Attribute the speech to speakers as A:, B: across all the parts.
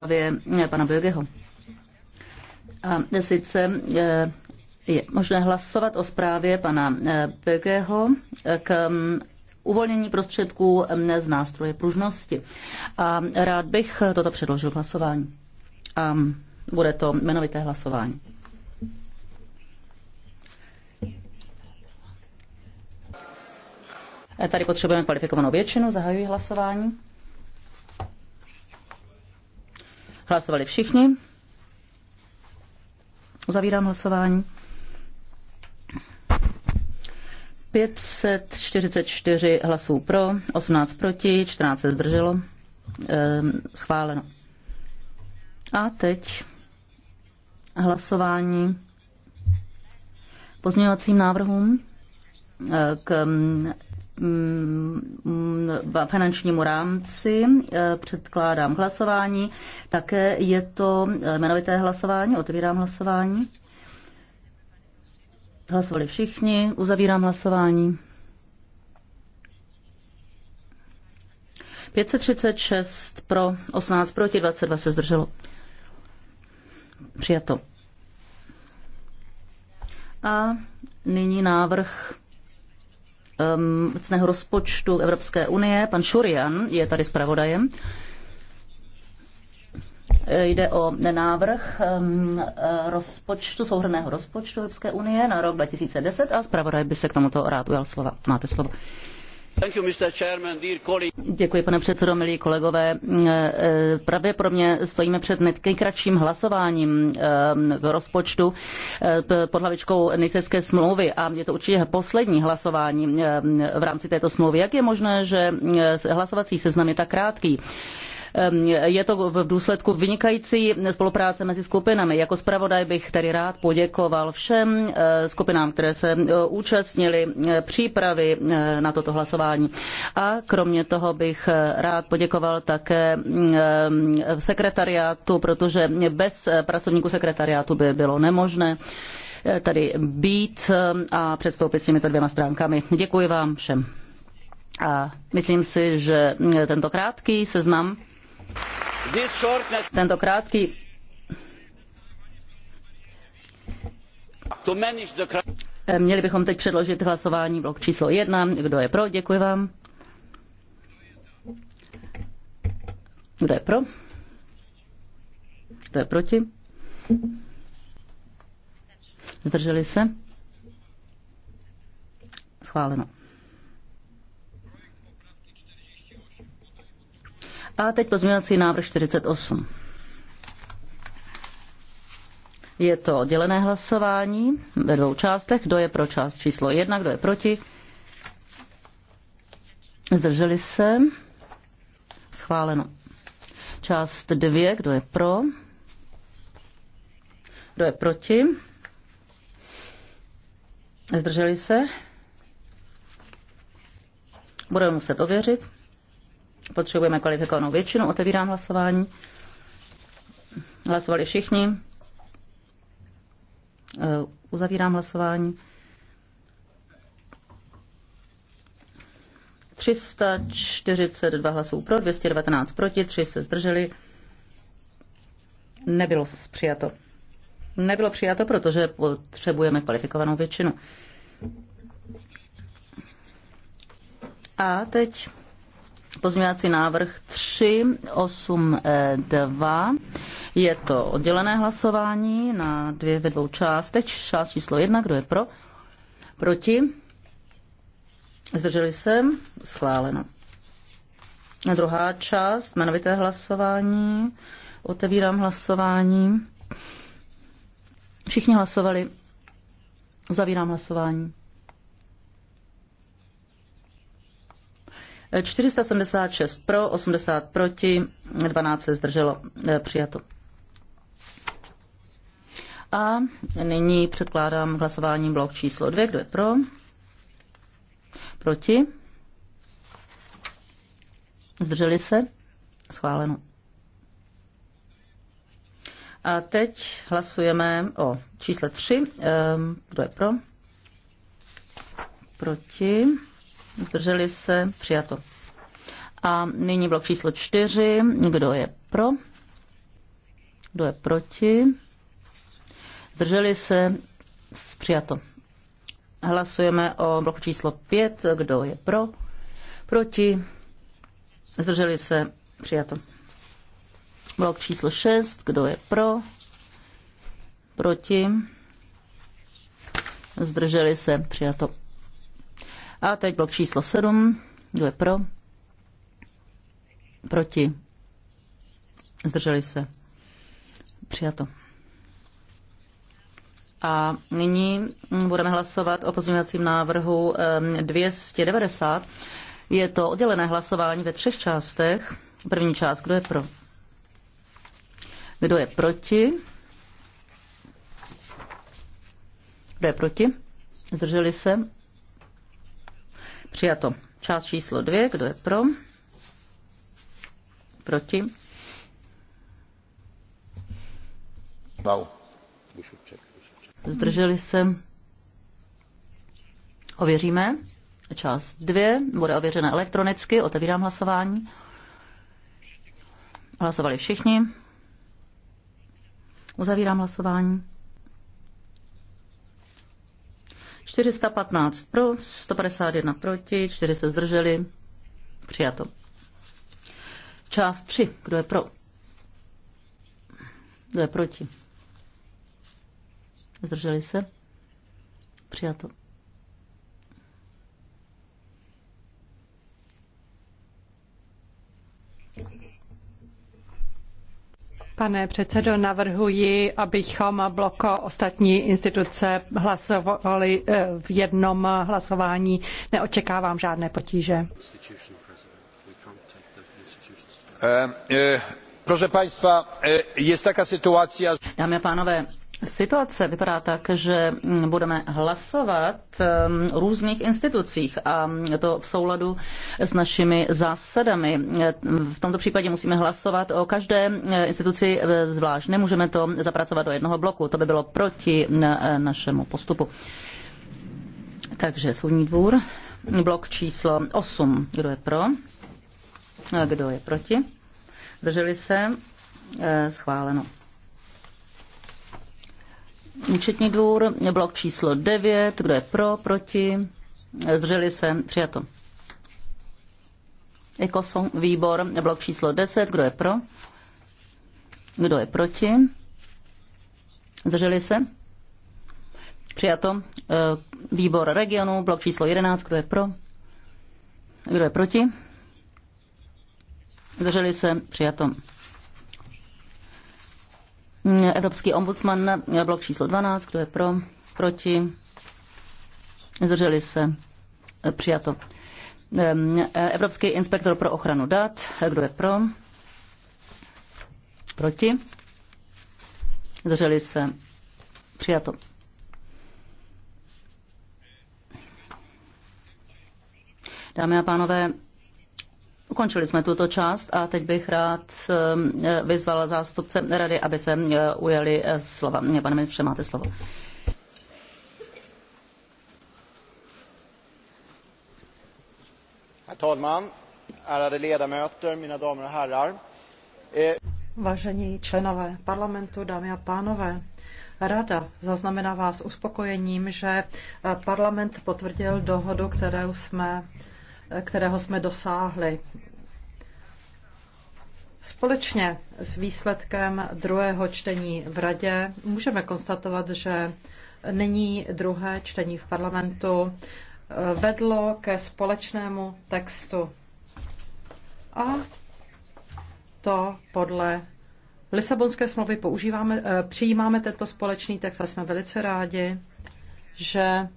A: zprávě eh, pana Bögeho. A sice eh, je možné hlasovat o zprávě pana eh, Bögeho k mm, uvolnění prostředků mm, z nástroje pružnosti. A rád bych toto předložil hlasování. A mm, bude to jmenovité hlasování. Tady potřebujeme kvalifikovanou většinu, zahajuji hlasování. Hlasovali všichni. Uzavírám hlasování. 544 hlasů pro, 18 proti, 14 se zdrželo. Ehm, schváleno. A teď hlasování pozměňovacím návrhům eh, k mm, Mm, mm, finančnímu rámci eh, předkládám hlasování. Také je to eh, jmenovité hlasování, otevírám hlasování. Hlasovali všichni, uzavírám hlasování. 536 pro, 18 proti, 22 se zdrželo. Přijato. A nyní návrh um, rozpočtu Evropské unie. Pan Šurian je tady zpravodajem. Jde o návrh um, rozpočtu, souhrného rozpočtu Evropské unie na rok 2010 a zpravodaj by se k tomuto rád ujal slova. Máte slovo. Děkuji, pane předsedo, milí kolegové. Eh, eh, pravděpodobně stojíme před nejkratším hlasováním eh, k rozpočtu pod hlavičkou Nicejské smlouvy a je to určitě poslední hlasování v rámci této smlouvy. Jak je možné, že hlasovací seznam je tak krátký? Ehm, je to v důsledku vynikající spolupráce mezi skupinami. Jako zpravodaj bych tedy rád poděkoval všem eh, skupinám, které se eh, účastnili eh, přípravy na toto hlasování. A kromě toho bych rád poděkoval také mm, sekretariátu, protože bez pracovníků sekretariátu by bylo nemožné tady být a předstoupit s těmito dvěma stránkami. Děkuji vám všem. A myslím si, že mm, tento krátký seznam tento krátký Měli bychom teď předložit hlasování blok číslo jedna. Kdo je pro? Děkuji vám. Kdo je pro? Kdo je proti? Zdrželi se? Schváleno. A teď pozměňovací návrh 48. Je to oddělené hlasování ve dvou částech. Kdo je pro část číslo 1, kdo je proti? Zdrželi se? Schváleno. Část 2, kdo je pro? Kdo je proti? Zdrželi se? Budeme muset ověřit. Potřebujeme kvalifikovanou většinu. Otevírám hlasování. Hlasovali všichni. Eh, uzavírám hlasování. 342 hlasů pro, 219 proti, 3 se zdrželi. Nebylo přijato. Nebylo přijato, protože potřebujeme kvalifikovanou většinu. A teď Pozměňovací návrh 382. Je to oddělené hlasování na dvě ve dvou částech. Část číslo 1, kdo je pro? Proti? Zdrželi se? Schváleno. A druhá část, jmenovité hlasování. Otevírám hlasování. Všichni hlasovali. Uzavírám hlasování. 476 pro, 80 proti, 12 se zdrželo eh, přijato. A nyní předkládám hlasování blok číslo 2. Kdo je pro? Proti? Zdrželi se? Schváleno. A teď hlasujeme o čísle 3. Ehm, kdo je pro? Proti? zdrželi se, přijato. A nyní blok číslo čtyři, kdo je pro, kdo je proti, zdrželi se, přijato. Hlasujeme o bloku číslo pět, kdo je pro, proti, zdrželi se, přijato. Blok číslo šest, kdo je pro, proti, zdrželi se, přijato. A teď blok číslo 7. Kdo je pro? Proti? Zdrželi se? Přijato. A nyní budeme hlasovat o pozměňovacím návrhu 290. Je to oddělené hlasování ve třech částech. První část, kdo je pro? Kdo je proti? Kdo je proti? Zdrželi se? Přijato. Část číslo dvě. Kdo je pro? Proti? Zdrželi se. Ověříme. Část dvě bude ověřena elektronicky. Otevírám hlasování. Hlasovali všichni. Uzavírám hlasování. 415 pro, 151 proti, 4 se zdrželi. Přijato. Část 3. Kdo je pro? Kdo je proti? Zdrželi se? Přijato.
B: Pane předsedo, navrhuji, abychom bloko ostatní instituce hlasovali eh, v jednom hlasování. Neočekávám žádné potíže. Eh, eh, proszę Państwa, jest taka sytuacja...
A: Dámy a pánové, Situace vypadá tak, že mm, budeme hlasovat v mm, různých institucích a mm, to v souladu s našimi zásadami. V tomto případě musíme hlasovat o každé instituci e, zvlášť. Nemůžeme to zapracovat do jednoho bloku, to by bylo proti našemu postupu. Takže soudní dvůr, blok číslo 8. Kdo je pro? Kdo je proti? Drželi se? E, schváleno účetní dvůr, blok číslo 9, kdo je pro, proti, zdrželi se, přijato. Ekosom, výbor, blok číslo 10, kdo je pro, kdo je proti, zdrželi se, přijato. E, výbor regionu, blok číslo 11, kdo je pro, kdo je proti, zdrželi se, přijato. Evropský ombudsman, blok číslo 12, kdo je pro, proti, zdrželi se, přijato. Evropský inspektor pro ochranu dat, kdo je pro, proti, zdrželi se, přijato. Dámy a pánové, Ukončili jsme tuto část a teď bych rád um, vyzvala zástupce rady, aby se uh, ujeli uh, slova. Pane ministře, máte slovo.
B: talman, eh, Vážení členové parlamentu, dámy a pánové, Rada zaznamená vás uspokojením, že eh, parlament potvrdil dohodu, kterou jsme kterého jsme dosáhli. Společně s výsledkem druhého čtení v Radě můžeme konstatovat, že nyní druhé čtení v parlamentu eh, vedlo ke společnému textu. A to podle Lisabonské smlouvy používáme, eh, přijímáme tento společný text a jsme velice rádi, že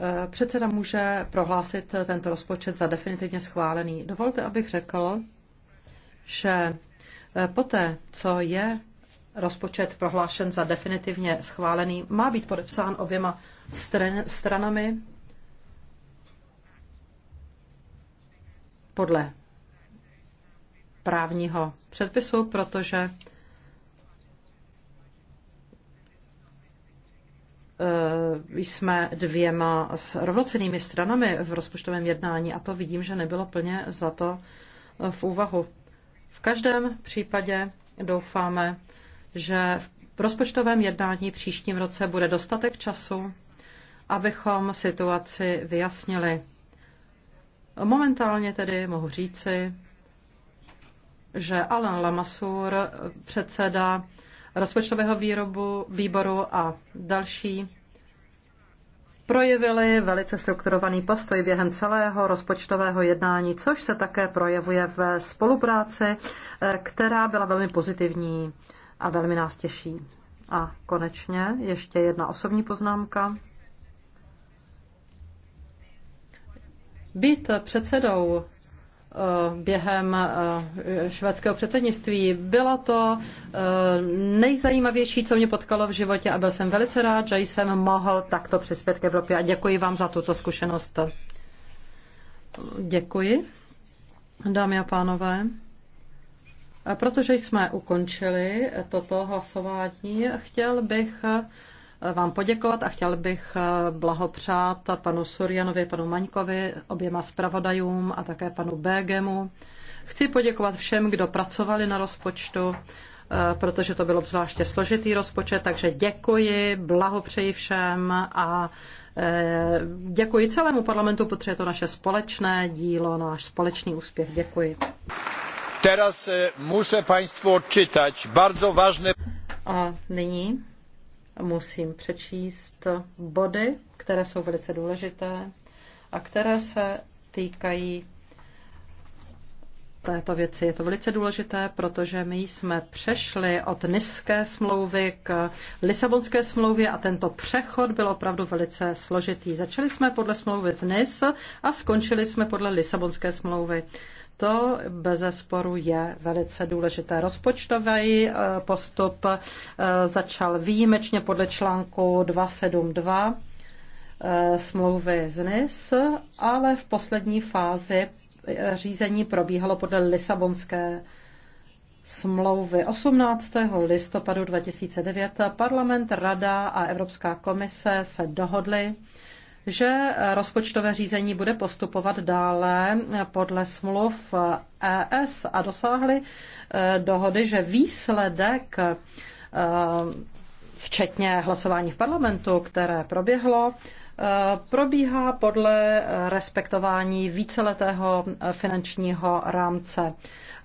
B: Eh, předseda může prohlásit tento rozpočet za definitivně schválený. Dovolte, abych řekl, že eh, poté, co je rozpočet prohlášen za definitivně schválený, má být podepsán oběma stran- stranami podle právního předpisu, protože Eh, jsme dvěma rovnocenými stranami v rozpočtovém jednání a to vidím, že nebylo plně za to eh, v úvahu. V každém případě doufáme, že v rozpočtovém jednání příštím roce bude dostatek času, abychom situaci vyjasnili. Momentálně tedy mohu říci, že Alan Lamassur, eh, předseda rozpočtového výrobu, výboru a další projevili velice strukturovaný postoj během celého rozpočtového jednání, což se také projevuje ve spolupráci, eh, která byla velmi pozitivní a velmi nás těší. A konečně ještě jedna osobní poznámka. Být předsedou Eh, během eh, švédského předsednictví. bylo to eh, nejzajímavější, co mě potkalo v životě a byl jsem velice rád, že jsem mohl takto přispět k Evropě a děkuji vám za tuto zkušenost. Děkuji, dámy a pánové. Protože jsme ukončili toto hlasování, chtěl bych vám poděkovat a chtěl bych eh, blahopřát panu Surjanovi, panu Maňkovi, oběma zpravodajům a také panu Bégemu. Chci poděkovat všem, kdo pracovali na rozpočtu, eh, protože to byl obzvláště složitý rozpočet, takže děkuji, blahopřeji všem a eh, děkuji celému parlamentu, protože je to naše společné dílo, náš společný úspěch. Děkuji. Teraz muszę Państwu odczytać bardzo ważne... A nyní musím přečíst body, které jsou velice důležité a které se týkají této věci. Je to velice důležité, protože my jsme přešli od Niské smlouvy k Lisabonské smlouvě a tento přechod byl opravdu velice složitý. Začali jsme podle smlouvy z NIS a skončili jsme podle Lisabonské smlouvy to bez zesporu je velice důležité. Rozpočtový eh, postup eh, začal výjimečně podle článku 272 eh, smlouvy z NIS, ale v poslední fázi řízení probíhalo podle Lisabonské smlouvy 18. listopadu 2009. Parlament, Rada a Evropská komise se dohodly, že rozpočtové řízení bude postupovat dále podle smluv ES a dosáhli eh, dohody, že výsledek eh, včetně hlasování v parlamentu, které proběhlo, probíhá podle respektování víceletého finančního rámce.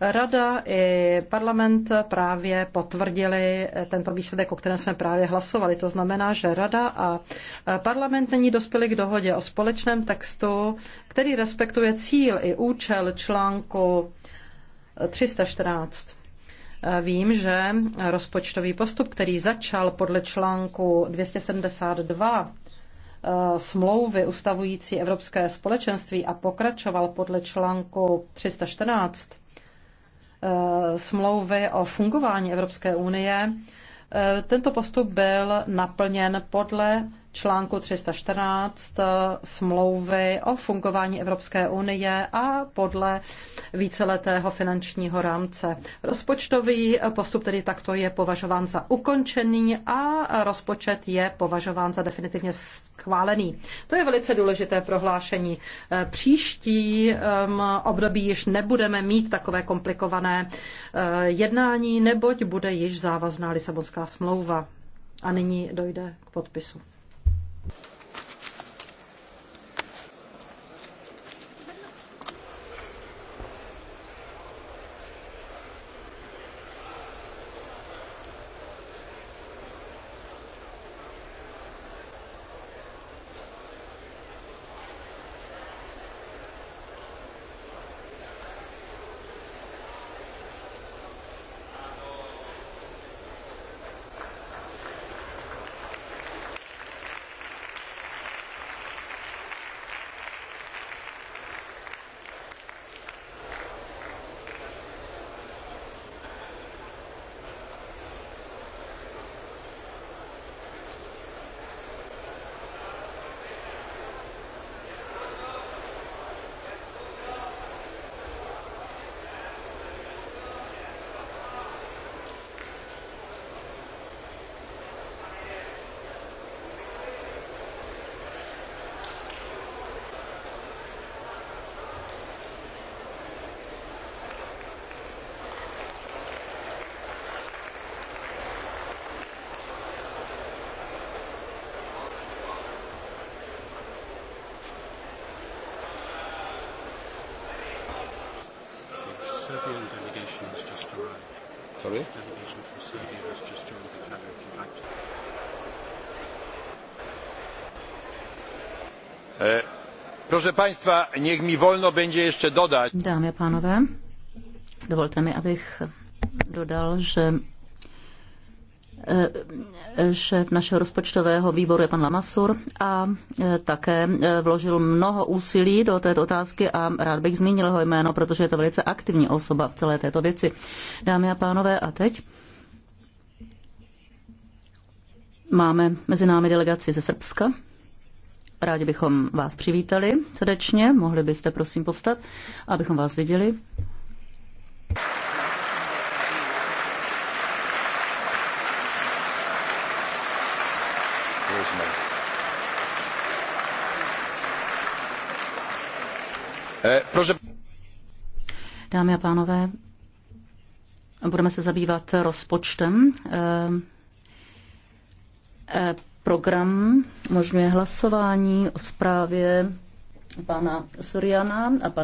B: Rada i parlament právě potvrdili tento výsledek, o kterém jsme právě hlasovali. To znamená, že Rada a parlament není dospěli k dohodě o společném textu, který respektuje cíl i účel článku 314. Vím, že rozpočtový postup, který začal podle článku 272 Eh, smlouvy ustavující Evropské společenství a pokračoval podle článku 314 eh, smlouvy o fungování Evropské unie, eh, tento postup byl naplněn podle článku 314 eh, smlouvy o fungování Evropské unie a podle víceletého finančního rámce. Rozpočtový eh, postup tedy takto je považován za ukončený a rozpočet je považován za definitivně schválený. To je velice důležité prohlášení. Eh, příští ehm, období již nebudeme mít takové komplikované jednání, neboť bude již závazná Lisabonská smlouva a nyní dojde k podpisu. Proszę Państwa, niech mi wolno będzie ještě dodać.
A: Dámy a dovolte mi, abych dodal, že eh, šéf našeho rozpočtového výboru je pan Lamasur a eh, také eh, vložil mnoho úsilí do této otázky a rád bych zmínil jeho jméno, protože je to velice aktivní osoba v celé této věci. Dámy a pánové, a teď máme mezi námi delegaci ze Srbska. Rádi bychom vás přivítali srdečně. Mohli byste prosím povstat, abychom vás viděli. Dámy a pánové, budeme se zabývat rozpočtem. Eh, eh, Program umožňuje hlasování o zprávě pana Soriana a pana